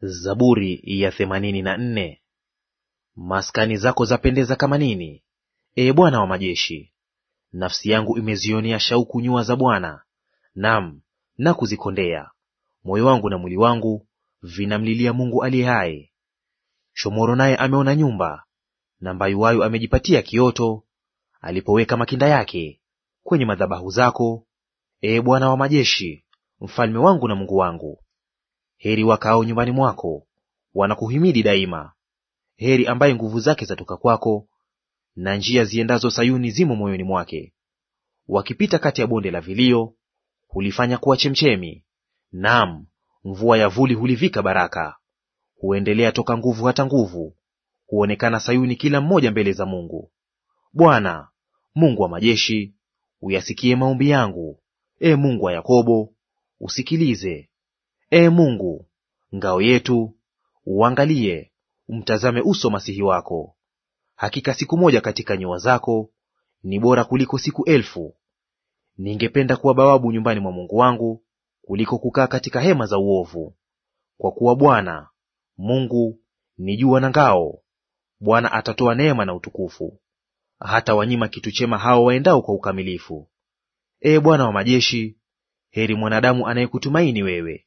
Zaburi ya themanini na nne. Maskani zako zapendeza kama nini, ee Bwana wa majeshi! Nafsi yangu imezionea shauku nyua za Bwana, nam na kuzikondea. Moyo wangu na mwili wangu vinamlilia Mungu aliye hai. Shomoro naye ameona nyumba, na mbayuwayu amejipatia kioto, alipoweka makinda yake kwenye madhabahu zako, ee Bwana wa majeshi, mfalme wangu na Mungu wangu. Heri wakaao nyumbani mwako, wanakuhimidi daima. Heri ambaye nguvu zake zatoka kwako, na njia ziendazo Sayuni zimo moyoni mwake. Wakipita kati ya bonde la vilio, hulifanya kuwa chemchemi; naam, mvua ya vuli hulivika baraka. Huendelea toka nguvu hata nguvu, huonekana Sayuni kila mmoja mbele za Mungu. Bwana Mungu wa majeshi, uyasikie maombi yangu; e Mungu wa Yakobo, usikilize e Mungu ngao yetu, uangalie umtazame uso masihi wako. Hakika siku moja katika nyua zako ni bora kuliko siku elfu. Ningependa kuwa bawabu nyumbani mwa Mungu wangu kuliko kukaa katika hema za uovu. Kwa kuwa Bwana Mungu ni jua na ngao; Bwana atatoa neema na utukufu. Hata wanyima kitu chema hao waendao kwa ukamilifu. Ee Bwana wa majeshi, heri mwanadamu anayekutumaini wewe.